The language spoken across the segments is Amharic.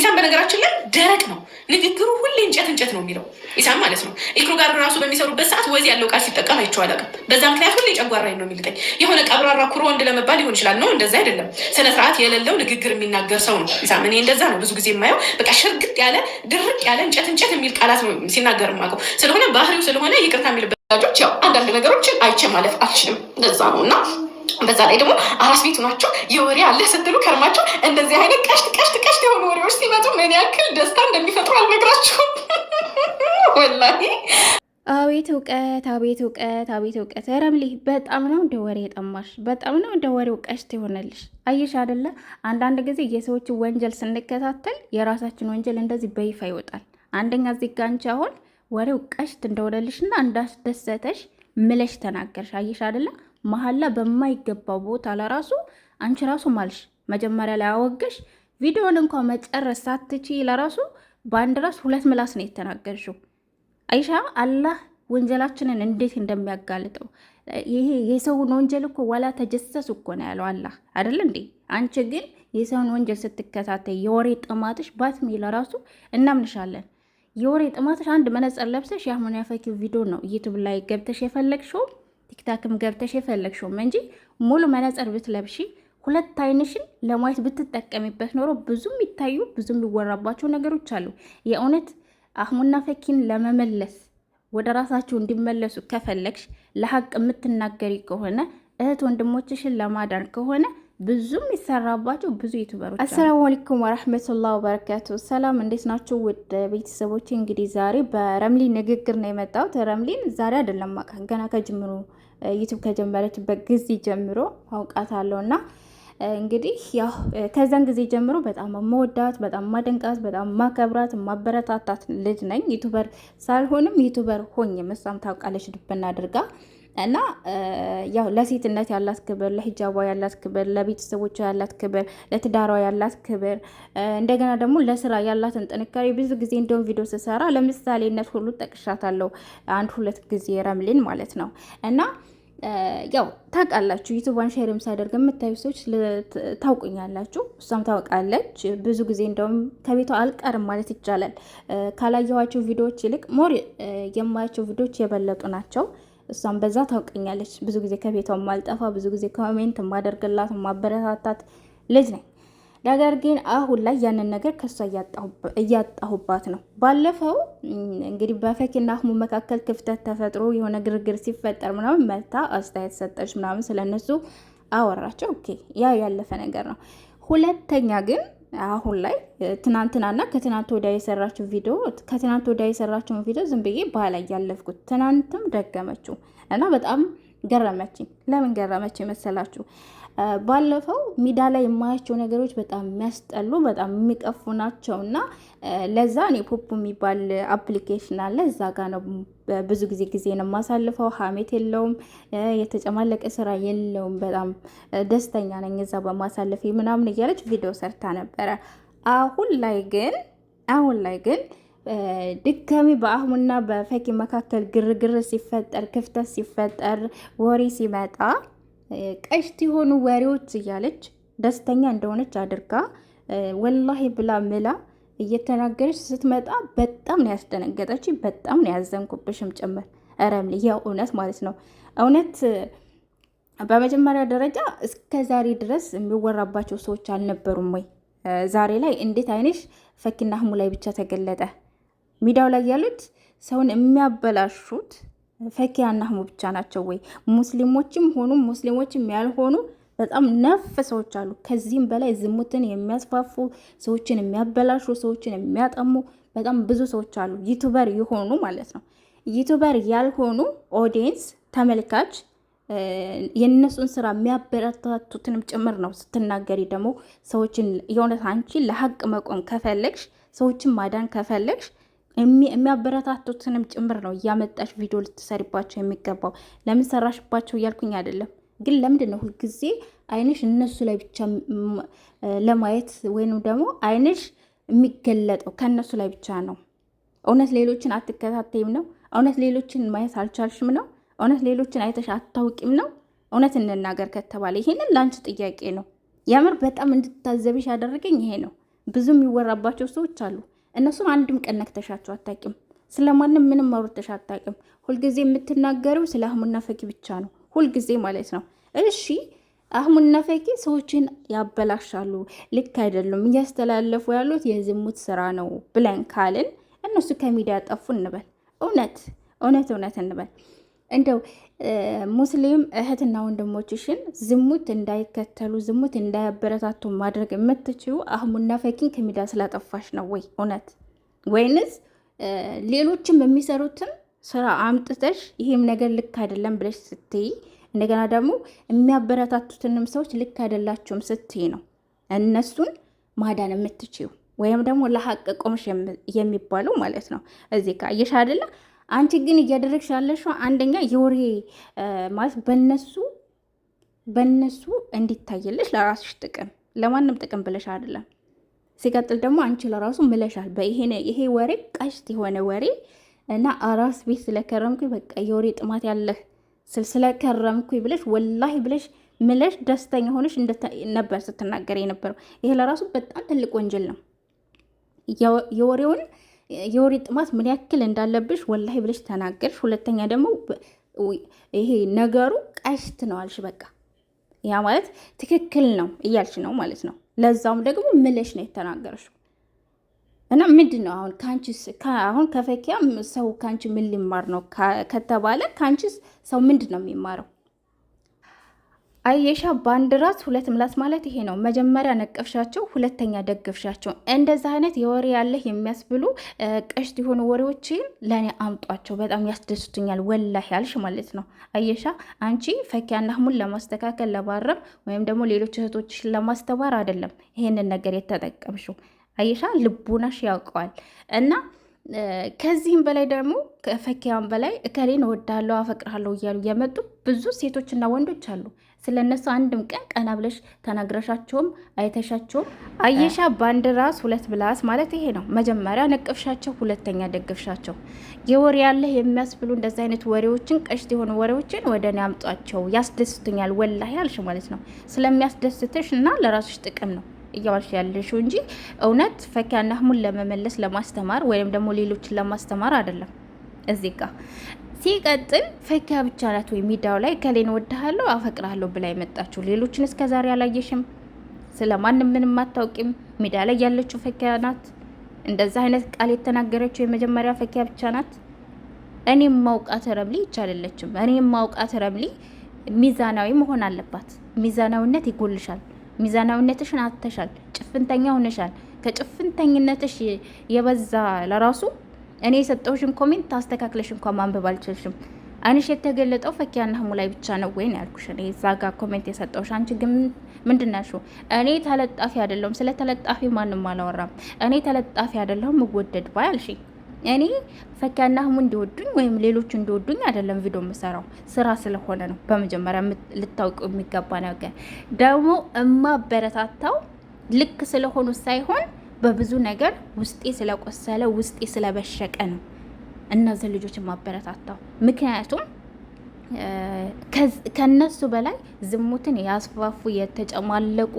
ኢሳም በነገራችን ላይ ደረቅ ነው ንግግሩ፣ ሁሌ እንጨት እንጨት ነው የሚለው ኢሳም ማለት ነው። ኢክሩ ጋር ራሱ በሚሰሩበት ሰዓት ወዝ ያለው ቃል ሲጠቀም አይቼው አላውቅም። በዛ ምክንያት ሁሌ ጨጓራዬን ነው የሚልጠኝ። የሆነ ቀብራራ ኩሮ ወንድ ለመባል ሊሆን ይችላል ነው፣ እንደዛ አይደለም። ስነ ስርዓት የሌለው ንግግር የሚናገር ሰው ነው ኢሳም። እኔ እንደዛ ነው ብዙ ጊዜ የማየው። በቃ ሽርግጥ ያለ ድርቅ ያለ እንጨት እንጨት የሚል ቃላት ነው ሲናገር ማቀው ስለሆነ ባህሪው ስለሆነ ይቅርታ የሚልበት ያው አንዳንድ ነገሮችን አይቼ ማለት አልችልም። እንደዛ ነው እና በዛ ላይ ደግሞ አራስ ቤቱ ናቸው የወሬ አለ ስትሉ ከርማቸው እንደዚህ አይነት ቀሽት ቀሽት ቀሽት የሆኑ ወሬዎች ሲመጡ ምን ያክል ደስታ እንደሚፈጥሩ አልነግራችሁም። ወላሂ አቤት እውቀት፣ አቤት እውቀት፣ አቤት እውቀት። ረምሊ በጣም ነው እንደ ወሬ የጠማሽ፣ በጣም ነው እንደ ወሬው ቀሽት የሆነልሽ። አየሽ አደለ፣ አንዳንድ ጊዜ የሰዎች ወንጀል ስንከታተል የራሳችን ወንጀል እንደዚህ በይፋ ይወጣል። አንደኛ እዚህ ጋ አንቺ አሁን ወሬው ቀሽት እንደሆነልሽ እና እንዳስደሰተሽ ምለሽ ተናገርሽ። አየሽ አይደለ? መሀላ በማይገባው ቦታ ለራሱ አንቺ ራሱ ማልሽ መጀመሪያ ላይ አወገሽ ቪዲዮን እንኳ መጨረስ ሳትቺ ለራሱ በአንድ ራስ ሁለት ምላስ ነው የተናገርሽው። አይሻ አላህ ወንጀላችንን እንዴት እንደሚያጋልጠው ይሄ የሰውን ወንጀል እኮ ወላ ተጀሰሱ እኮ ነው ያለው አላህ አይደል እንዴ? አንቺ ግን የሰውን ወንጀል ስትከታተይ የወሬ ጥማትሽ ባትሚ ለራሱ እናምንሻለን። የወሬ ጥማትሽ አንድ መነጽር ለብሰሽ የአሁን ያፈኪው ቪዲዮ ነው ዩቱብ ላይ ገብተሽ የፈለግሽውም ቲክታክም ገብተሽ የፈለግሽውም እንጂ ሙሉ መነጽር ብትለብሺ ሁለት አይንሽን ለማየት ብትጠቀሚበት ኖሮ ብዙም ይታዩ ብዙም ሊወራባቸው ነገሮች አሉ። የእውነት አህሙና ፈኪን ለመመለስ ወደ ራሳቸው እንዲመለሱ ከፈለግሽ ለሀቅ የምትናገሪ ከሆነ እህት ወንድሞችሽን ለማዳን ከሆነ ብዙ የሚሰራባቸው ብዙ ዩቱበሮች። አሰላሙ አለይኩም ወረህመቱላህ ወበረካቱ። ሰላም እንዴት ናቸው ውድ ቤተሰቦች? እንግዲህ ዛሬ በረምሊን ንግግር ነው የመጣሁት። ረምሊን ዛሬ አይደለም ገና ከጅምሩ ዩቱብ ከጀመረችበት ጊዜ ጀምሮ አለው እና እንግዲህ ያው ከዛን ጊዜ ጀምሮ በጣም መወዳት በጣም ማደንቃት በጣም ማከብራት ማበረታታት ልጅ ነኝ። ዩቱበር ሳልሆንም ዩቱበር ሆኝ መሳም ታውቃለች ድብና አድርጋ እና ያው ለሴትነት ያላት ክብር፣ ለሂጃቧ ያላት ክብር፣ ለቤተሰቦቿ ያላት ክብር፣ ለትዳሯ ያላት ክብር እንደገና ደግሞ ለስራ ያላትን ጥንካሬ ብዙ ጊዜ እንደውም ቪዲዮ ስሰራ ለምሳሌነት ሁሉ ጠቅሻታለሁ። አንድ ሁለት ጊዜ ረምሌን ማለት ነው እና ያው ታውቃላችሁ ዩቱቧን ሼርም ሳደርግ የምታዩ ሰዎች ታውቁኛላችሁ። እሷም ታውቃለች። ብዙ ጊዜ እንደውም ከቤቷ አልቀርም ማለት ይቻላል። ካላየኋቸው ቪዲዮዎች ይልቅ ሞር የማያቸው ቪዲዮዎች የበለጡ ናቸው። እሷም በዛ ታውቀኛለች። ብዙ ጊዜ ከቤቷ ማልጠፋ፣ ብዙ ጊዜ ኮሜንት ማደርግላት ማበረታታት ልጅ ነኝ። ነገር ግን አሁን ላይ ያንን ነገር ከእሷ እያጣሁባት ነው። ባለፈው እንግዲህ በፈኪና አህሙ መካከል ክፍተት ተፈጥሮ የሆነ ግርግር ሲፈጠር ምናምን መታ አስተያየት ሰጠች ምናምን ስለነሱ አወራቸው። ኦኬ ያ ያለፈ ነገር ነው። ሁለተኛ ግን አሁን ላይ ትናንትናና ከትናንት ወዲያ የሰራችው ቪዲዮ ከትናንት ወዲያ የሰራችውን ቪዲዮ ዝም ብዬ ባላይ ያለፍኩት ትናንትም ደገመችው እና በጣም ገረመችኝ። ለምን ገረመች መሰላችሁ? ባለፈው ሜዳ ላይ የማያቸው ነገሮች በጣም የሚያስጠሉ በጣም የሚቀፉ ናቸው እና ለዛ እኔ ፖፕ የሚባል አፕሊኬሽን አለ። እዛ ጋ ነው ብዙ ጊዜ ጊዜ ነው የማሳልፈው። ሀሜት የለውም፣ የተጨማለቀ ስራ የለውም። በጣም ደስተኛ ነኝ እዛ በማሳለፍ ምናምን እያለች ቪዲዮ ሰርታ ነበረ። አሁን ላይ ግን አሁን ላይ ግን ድጋሚ በአህሙና በፈኪ መካከል ግርግር ሲፈጠር፣ ክፍተት ሲፈጠር፣ ወሬ ሲመጣ ቀሽት የሆኑ ወሬዎች እያለች ደስተኛ እንደሆነች አድርጋ ወላሂ ብላ ምላ እየተናገረች ስትመጣ በጣም ነው ያስደነገጠች። በጣም ነው ያዘንኩብሽም ጭምር ረም ያው እውነት ማለት ነው እውነት በመጀመሪያ ደረጃ እስከ ዛሬ ድረስ የሚወራባቸው ሰዎች አልነበሩም ወይ? ዛሬ ላይ እንዴት አይነሽ ፈኪና ህሙ ላይ ብቻ ተገለጠ? ሚዲያው ላይ ያሉት ሰውን የሚያበላሹት ፈኪያና ህሙ ብቻ ናቸው ወይ? ሙስሊሞችም ሆኑ ሙስሊሞችም ያልሆኑ በጣም ነፍ ሰዎች አሉ። ከዚህም በላይ ዝሙትን የሚያስፋፉ ሰዎችን የሚያበላሹ ሰዎችን የሚያጠሙ በጣም ብዙ ሰዎች አሉ። ዩቱበር የሆኑ ማለት ነው። ዩቱበር ያልሆኑ ኦዲየንስ ተመልካች የእነሱን ስራ የሚያበረታቱትንም ጭምር ነው። ስትናገሪ ደግሞ ሰዎችን የእውነት አንቺ ለሀቅ መቆም ከፈለግሽ፣ ሰዎችን ማዳን ከፈለግሽ የሚያበረታቱትንም ጭምር ነው እያመጣሽ ቪዲዮ ልትሰሪባቸው የሚገባው። ለምን ሰራሽባቸው እያልኩኝ አይደለም፣ ግን ለምንድን ነው ሁልጊዜ አይንሽ እነሱ ላይ ብቻ ለማየት ወይም ደግሞ አይንሽ የሚገለጠው ከእነሱ ላይ ብቻ ነው? እውነት ሌሎችን አትከታተይም ነው? እውነት ሌሎችን ማየት አልቻልሽም ነው? እውነት ሌሎችን አይተሽ አታውቂም ነው? እውነት እንናገር ከተባለ ይሄንን ለአንቺ ጥያቄ ነው። የምር በጣም እንድታዘብሽ ያደረገኝ ይሄ ነው። ብዙ የሚወራባቸው ሰዎች አሉ እነሱን አንድም ቀን ነክተሻቸው አታውቂም። ስለማንም ምንም አውርተሽ አታውቂም። ሁልጊዜ የምትናገረው ስለ አህሙና ፈኪ ብቻ ነው፣ ሁልጊዜ ማለት ነው። እሺ አህሙና ፈቂ ሰዎችን ያበላሻሉ፣ ልክ አይደሉም፣ እያስተላለፉ ያሉት የዝሙት ስራ ነው ብለን ካልን እነሱ ከሚዲያ ጠፉ እንበል። እውነት እውነት እውነት እንበል። እንደው ሙስሊም እህትና ወንድሞችሽን ዝሙት እንዳይከተሉ ዝሙት እንዳያበረታቱ ማድረግ የምትችሉ አህሙና ፈኪን ከሚዳ ስላጠፋሽ ነው ወይ እውነት? ወይንስ ሌሎችም የሚሰሩትን ስራ አምጥተሽ ይሄም ነገር ልክ አይደለም ብለሽ ስትይ፣ እንደገና ደግሞ የሚያበረታቱትንም ሰዎች ልክ አይደላቸውም ስትይ ነው እነሱን ማዳን የምትችው ወይም ደግሞ ለሀቅ ቆምሽ የሚባለው ማለት ነው። እዚህ ጋር አየሽ አይደለ? አንቺ ግን እያደረግሽ ያለሽው አንደኛ የወሬ ማለት በነሱ በነሱ እንዲታየለሽ ለራስሽ ጥቅም ለማንም ጥቅም ብለሽ አይደለም። ሲቀጥል ደግሞ አንቺ ለራሱ ምለሻል። ይሄ ወሬ ቀሽት የሆነ ወሬ እና አራስ ቤት ስለከረምኩ በቃ የወሬ ጥማት ያለህ ስል ስለከረምኩ ብለሽ ወላሂ ብለሽ ምለሽ ደስተኛ ሆነሽ ነበር ስትናገር የነበረው። ይሄ ለራሱ በጣም ትልቅ ወንጀል ነው የወሬውን የወሬ ጥማት ምን ያክል እንዳለብሽ ወላሂ ብለሽ ተናገርሽ። ሁለተኛ ደግሞ ይሄ ነገሩ ቀሽት ነው አልሽ። በቃ ያ ማለት ትክክል ነው እያልሽ ነው ማለት ነው። ለዛውም ደግሞ ምለሽ ነው የተናገረሽው። እና ምንድን ነው አሁን ከአንቺስ አሁን ከፈኪያ ሰው ከአንቺ ምን ሊማር ነው ከተባለ ከአንቺስ ሰው ምንድን ነው የሚማረው? አየሻ በአንድ ራስ ሁለት ምላስ ማለት ይሄ ነው። መጀመሪያ ነቀፍሻቸው፣ ሁለተኛ ደግፍሻቸው። እንደዚህ አይነት የወሬ ያለህ የሚያስብሉ ቀሽት የሆኑ ወሬዎችን ለእኔ አምጧቸው፣ በጣም ያስደስቱኛል። ወላህ ያልሽ ማለት ነው። አየሻ አንቺ ፈኪያና ህሙን ለማስተካከል ለማረም፣ ወይም ደግሞ ሌሎች እህቶችሽን ለማስተባር አይደለም ይሄንን ነገር የተጠቀምሽው። አየሻ ልቡናሽ ያውቀዋል እና ከዚህም በላይ ደግሞ ከፈኪያም በላይ እከሌን እወዳለሁ አፈቅርሃለሁ እያሉ የመጡ ብዙ ሴቶችና ወንዶች አሉ። ስለ እነሱ አንድም ቀን ቀና ብለሽ ተናግረሻቸውም አይተሻቸውም። አየሻ በአንድ ራስ ሁለት ብላስ ማለት ይሄ ነው። መጀመሪያ ነቅፍሻቸው፣ ሁለተኛ ደግፍሻቸው። የወር ያለህ የሚያስብሉ እንደዚ አይነት ወሬዎችን ቀሽት የሆኑ ወሬዎችን ወደ እኔ አምጧቸው፣ ያስደስቱኛል። ወላሂ አልሽ ማለት ነው ስለሚያስደስትሽ እና ለራስሽ ጥቅም ነው እያዋልሽ ያለሽው እንጂ እውነት ፈኪያና ህሙን ለመመለስ ለማስተማር ወይም ደግሞ ሌሎችን ለማስተማር አይደለም። እዚህ ጋር ሲቀጥል ፈኪያ ብቻ ናት ወይ ሚዳው ላይ ከሌን ወድሃለሁ አፈቅራለሁ ብላ የመጣችው ሌሎችን እስከ ዛሬ አላየሽም። ስለ ማንም ምንም አታውቂም። ሚዲያ ላይ ያለችው ፈኪያ ናት። እንደዛ አይነት ቃል የተናገረችው የመጀመሪያ ፈኪያ ብቻ ናት። እኔም ማውቃት ረምሊ ይቻለለችም። እኔም ማውቃት ረምሊ ሚዛናዊ መሆን አለባት። ሚዛናዊነት ይጎልሻል። ሚዛናዊነትሽን አተሻል። ጭፍንተኛ ሆነሻል። ከጭፍንተኝነትሽ የበዛ ለራሱ እኔ የሰጠውሽን ኮሜንት ታስተካክለሽ እንኳን ማንበብ አልችልሽም። አይንሽ የተገለጠው ፈኪያና ህሙ ላይ ብቻ ነው ወይን ያልኩሽ እኔ እዛ ጋር ኮሜንት የሰጠውሽ። አንቺ ግን ምንድን ነሽ? እኔ ተለጣፊ አይደለሁም። ስለ ተለጣፊ ማንም አላወራም። እኔ ተለጣፊ አይደለሁም። እወደድ ባይ አልሽኝ። እኔ ፈኪያና ህሙ እንዲወዱኝ ወይም ሌሎች እንዲወዱኝ አይደለም ቪዲዮ የምሰራው ስራ ስለሆነ ነው። በመጀመሪያ ልታውቁ የሚገባ ነገር ደግሞ እማበረታታው ልክ ስለሆኑ ሳይሆን በብዙ ነገር ውስጤ ስለቆሰለ ውስጤ ስለበሸቀ ነው እነዚህ ልጆች ማበረታታው። ምክንያቱም ከነሱ በላይ ዝሙትን ያስፋፉ የተጨማለቁ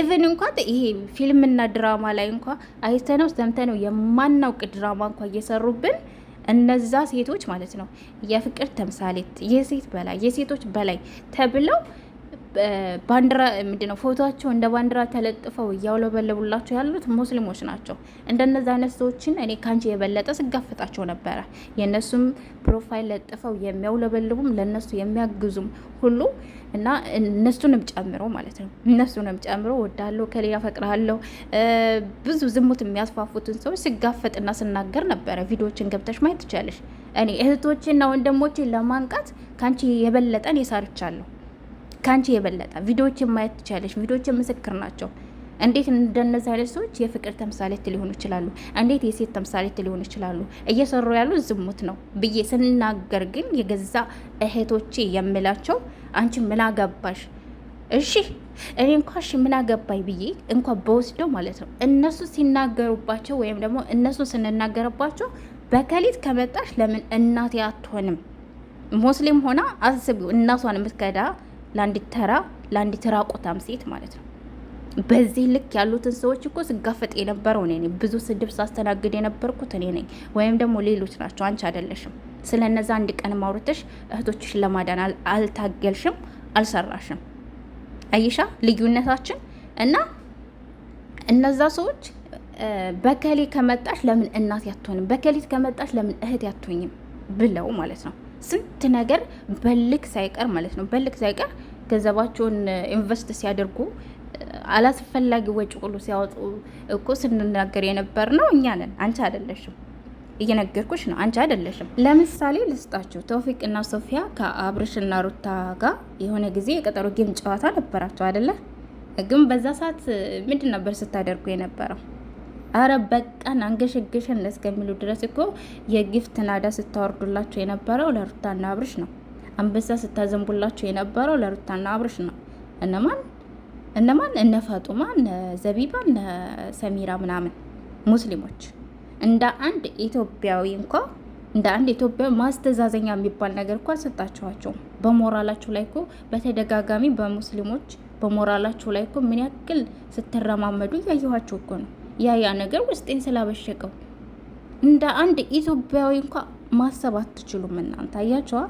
ኢቨን እንኳን ይሄ ፊልምና ድራማ ላይ እንኳ አይተነው ሰምተነው የማናውቅ ድራማ እንኳ እየሰሩብን እነዛ ሴቶች ማለት ነው የፍቅር ተምሳሌት የሴት በላይ የሴቶች በላይ ተብለው ባንዲራ ምንድነው ፎቶቸው እንደ ባንዲራ ተለጥፈው እያውለበለቡላቸው ያሉት ሙስሊሞች ናቸው። እንደነዚ አይነት ሰዎችን እኔ ካንቺ የበለጠ ስጋፍጣቸው ነበረ። የእነሱም ፕሮፋይል ለጥፈው የሚያውለበልቡም ለእነሱ የሚያግዙም ሁሉ እና እነሱንም ጨምሮ ማለት ነው። እነሱንም ጨምሮ ወዳለሁ ከሌ ፈቅራለሁ ብዙ ዝሙት የሚያስፋፉትን ሰዎች ስጋፈጥና ስናገር ነበረ። ቪዲዮችን ገብተሽ ማየት ትችላለሽ። እኔ እህቶችና ወንድሞችን ለማንቃት ከአንቺ የበለጠን የሳርቻለሁ። ከአንቺ የበለጠ ቪዲዮዎችን ማየት ትቻለሽ። ቪዲዮዎችን ምስክር ናቸው። እንዴት እንደነዚህ አይነት ሰዎች የፍቅር ተምሳሌት ሊሆኑ ይችላሉ? እንዴት የሴት ተምሳሌት ሊሆኑ ይችላሉ? እየሰሩ ያሉ ዝሙት ነው ብዬ ስናገር ግን የገዛ እህቶቼ የምላቸው አንቺ ምን አገባሽ? እሺ እኔ እንኳ እሺ ምን አገባኝ ብዬ እንኳ በወስደው ማለት ነው እነሱ ሲናገሩባቸው ወይም ደግሞ እነሱ ስንናገርባቸው በከሊት ከመጣሽ ለምን እናቴ አትሆንም ሙስሊም ሆና አስቢው እናቷን የምትከዳ ለአንዲት ተራ ለአንዲት ራቁታም ሴት ማለት ነው። በዚህ ልክ ያሉትን ሰዎች እኮ ስጋፈጥ የነበረው እኔ ነኝ። ብዙ ስድብ ሳስተናግድ የነበርኩት እኔ ነኝ፣ ወይም ደግሞ ሌሎች ናቸው። አንቺ አይደለሽም። ስለ እነዛ አንድ ቀን ማውረተሽ እህቶችሽ ለማዳን አልታገልሽም፣ አልሰራሽም። አይሻ ልዩነታችን እና እነዛ ሰዎች በከሌ ከመጣሽ ለምን እናት ያትሆንም፣ በከሌት ከመጣሽ ለምን እህት ያትሆኝም ብለው ማለት ነው ስንት ነገር በልክ ሳይቀር ማለት ነው በልክ ሳይቀር ገንዘባቸውን ኢንቨስት ሲያደርጉ አላስፈላጊ ወጪ ሁሉ ሲያወጡ እኮ ስንናገር የነበር ነው እኛ ነን፣ አንቺ አይደለሽም። እየነገርኩሽ ነው፣ አንቺ አይደለሽም። ለምሳሌ ልስጣችሁ። ተውፊቅ እና ሶፊያ ከአብርሽ እና ሩታ ጋር የሆነ ጊዜ የቀጠሮ ጌም ጨዋታ ነበራቸው አይደለ? ግን በዛ ሰዓት ምንድን ነበር ስታደርጉ የነበረው? አረ በቀን አንገሸገሸን እስከሚሉ ድረስ እኮ የጊፍት ናዳ ስታወርዱላቸው የነበረው ለሩታና አብርሽ ነው። አንበሳ ስታዘንቡላቸው የነበረው ለሩታና አብርሽ ነው። እነማን እነማን? እነ ፋጡማ፣ እነ ዘቢባ፣ እነ ሰሚራ ምናምን ሙስሊሞች እንደ አንድ ኢትዮጵያዊ እንኳ እንደ አንድ ኢትዮጵያዊ ማስተዛዘኛ የሚባል ነገር እኳ አልሰጣችኋቸውም። በሞራላችሁ ላይ እኮ በተደጋጋሚ በሙስሊሞች በሞራላችሁ ላይ እኮ ምን ያክል ስትረማመዱ እያየኋቸው እኮ ነው። ያ ያ ነገር ውስጤን ስላበሸቀው እንደ አንድ ኢትዮጵያዊ እንኳ ማሰብ አትችሉም እናንተ አያቸዋ።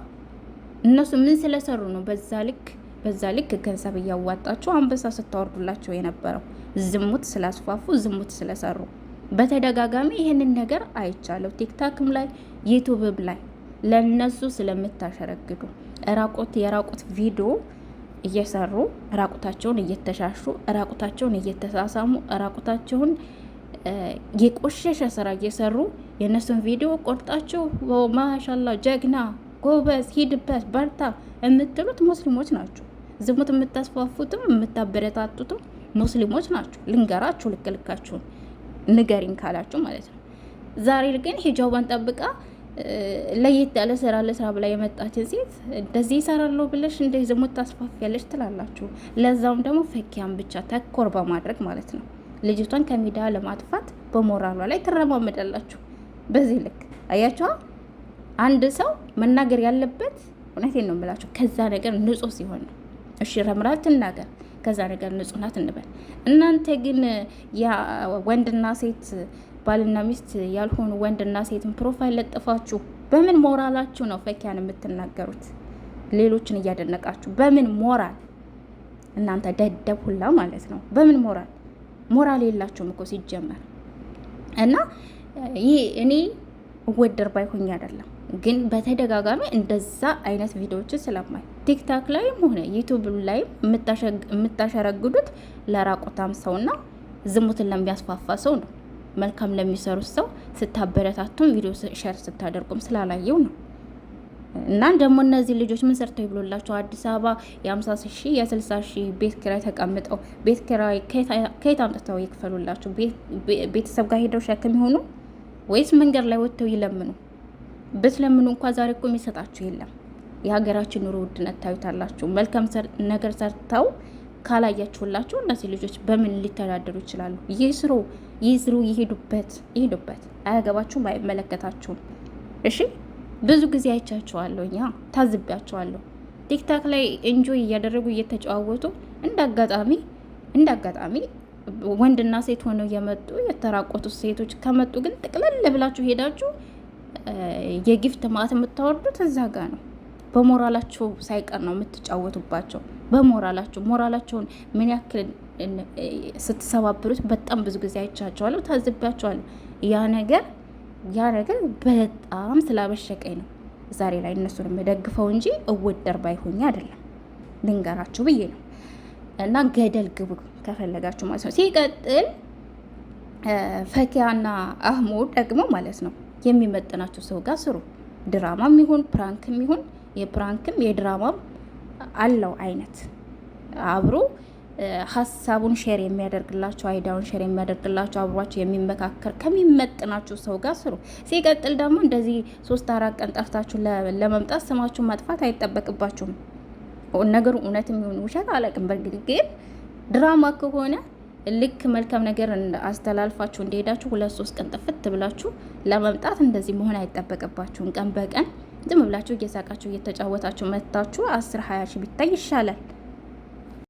እነሱ ምን ስለሰሩ ነው በዛ ልክ በዛ ልክ ገንዘብ እያዋጣችሁ አንበሳ ስታወርዱላቸው የነበረው? ዝሙት ስላስፋፉ ዝሙት ስለሰሩ በተደጋጋሚ ይህንን ነገር አይቻለሁ። ቲክታክም ላይ ዩቱብም ላይ ለነሱ ስለምታሸረግዱ ራቆት የራቆት ቪዲዮ እየሰሩ ራቁታቸውን እየተሻሹ ራቁታቸውን እየተሳሳሙ ራቁታቸውን የቆሸሸ ስራ እየሰሩ የእነሱን ቪዲዮ ቆርጣችሁ ማሻላ ጀግና ጎበዝ ሂድበት በርታ የምትሉት ሙስሊሞች ናቸው። ዝሙት የምታስፋፉትም የምታበረታቱትም ሙስሊሞች ናቸው። ልንገራችሁ ልክልካችሁን ንገሪን ካላችሁ ማለት ነው። ዛሬ ግን ሂጃቧን ጠብቃ ለየት ያለ ስራ ለስራ ብላ የመጣችን ሴት እንደዚህ ይሰራለሁ ብለሽ እንደ ዝሙት ታስፋፊያለሽ ትላላችሁ። ለዛውም ደግሞ ፈኪያን ብቻ ተኮር በማድረግ ማለት ነው። ልጅቷን ከሜዳ ለማጥፋት በሞራሏ ላይ ትረማመዳላችሁ። በዚህ ልክ አያችኋ፣ አንድ ሰው መናገር ያለበት እውነቴን ነው የምላችሁ ከዛ ነገር ንጹሕ ሲሆን ነው። እሺ ረምራል ትናገር ከዛ ነገር ንጹሕ ናት እንበል። እናንተ ግን ያ ወንድና ሴት ባልና ሚስት ያልሆኑ ወንድና ሴትን ፕሮፋይል ለጥፋችሁ በምን ሞራላችሁ ነው ፈኪያን የምትናገሩት? ሌሎችን እያደነቃችሁ በምን ሞራል እናንተ ደደብ ሁላ ማለት ነው። በምን ሞራል ሞራል የላችሁም እኮ ሲጀመር። እና ይህ እኔ እወደር ባይሆኝ አይደለም ግን በተደጋጋሚ እንደዛ አይነት ቪዲዮዎችን ስለማይ ቲክታክ ላይም ሆነ ዩቱብ ላይም የምታሸረግዱት ለራቁታም ሰውና ዝሙትን ለሚያስፋፋ ሰው ነው። መልካም ለሚሰሩት ሰው ስታበረታቱም ቪዲዮ ሸር ስታደርጉም ስላላየው ነው። እና ደግሞ እነዚህ ልጆች ምን ሰርተው ይብሎላቸው አዲስ አበባ የአምሳ ሺ የስልሳ ሺ ሺህ ቤት ኪራይ ተቀምጠው ቤት ኪራይ ከየት አምጥተው ይክፈሉላቸው? ቤተሰብ ጋር ሄደው ሸክም ይሆኑ ወይስ መንገድ ላይ ወጥተው ይለምኑ? ብትለምኑ እንኳ ዛሬ እኮ የሚሰጣቸው የለም። የሀገራችን ኑሮ ውድነት ታዩታላችሁ። መልካም ነገር ሰርተው ካላያችሁላቸው እነዚህ ልጆች በምን ሊተዳደሩ ይችላሉ? ይህ ስሩ ይዝሩ፣ ይሄዱበት፣ ይሄዱበት። አያገባችሁም፣ አይመለከታችሁም። እሺ ብዙ ጊዜ አይቻችኋለሁ፣ እኛ ታዝቢያችኋለሁ። ቲክታክ ላይ ኤንጆይ እያደረጉ እየተጨዋወቱ እንዳጋጣሚ እንዳጋጣሚ ወንድና ሴት ሆነው የመጡ የተራቆቱ ሴቶች ከመጡ ግን ጥቅልል ብላችሁ ሄዳችሁ የጊፍት ማት የምታወርዱት እዛ ጋ ነው። በሞራላቸው ሳይቀር ነው የምትጫወቱባቸው። በሞራላቸው ሞራላቸውን ምን ያክል ስትሰባብሩት በጣም ብዙ ጊዜ አይቻቸዋለሁ፣ ታዝቢያቸዋለሁ። ያ ነገር ያ ነገር በጣም ስላበሸቀኝ ነው ዛሬ ላይ እነሱን የምደግፈው እንጂ እወደር ባይሆኝ አይደለም። ልንገራችሁ ብዬ ነው። እና ገደል ግቡ ከፈለጋችሁ ማለት ነው። ሲቀጥል ፈኪያና አህሙ ደግሞ ማለት ነው የሚመጥናችሁ ሰው ጋር ስሩ። ድራማም ይሁን ፕራንክም ይሁን የፕራንክም የድራማም አለው አይነት አብሮ ሀሳቡን ሼር የሚያደርግላችሁ አይዳውን ሼር የሚያደርግላችሁ አብሯችሁ የሚመካከር ከሚመጥናችሁ ሰው ጋር ስሩ። ሲቀጥል ደግሞ እንደዚህ ሶስት አራት ቀን ጠፍታችሁ ለመምጣት ስማችሁን ማጥፋት አይጠበቅባችሁም። ነገሩ እውነትም ይሁን ውሸት አላውቅም። በእርግጥ ግን ድራማ ከሆነ ልክ መልካም ነገር አስተላልፋችሁ እንደሄዳችሁ ሁለት ሶስት ቀን ጥፍት ብላችሁ ለመምጣት እንደዚህ መሆን አይጠበቅባችሁም። ቀን በቀን ዝም ብላችሁ እየሳቃችሁ እየተጫወታችሁ መታችሁ አስር ሀያ ሺህ ቢታይ ይሻላል።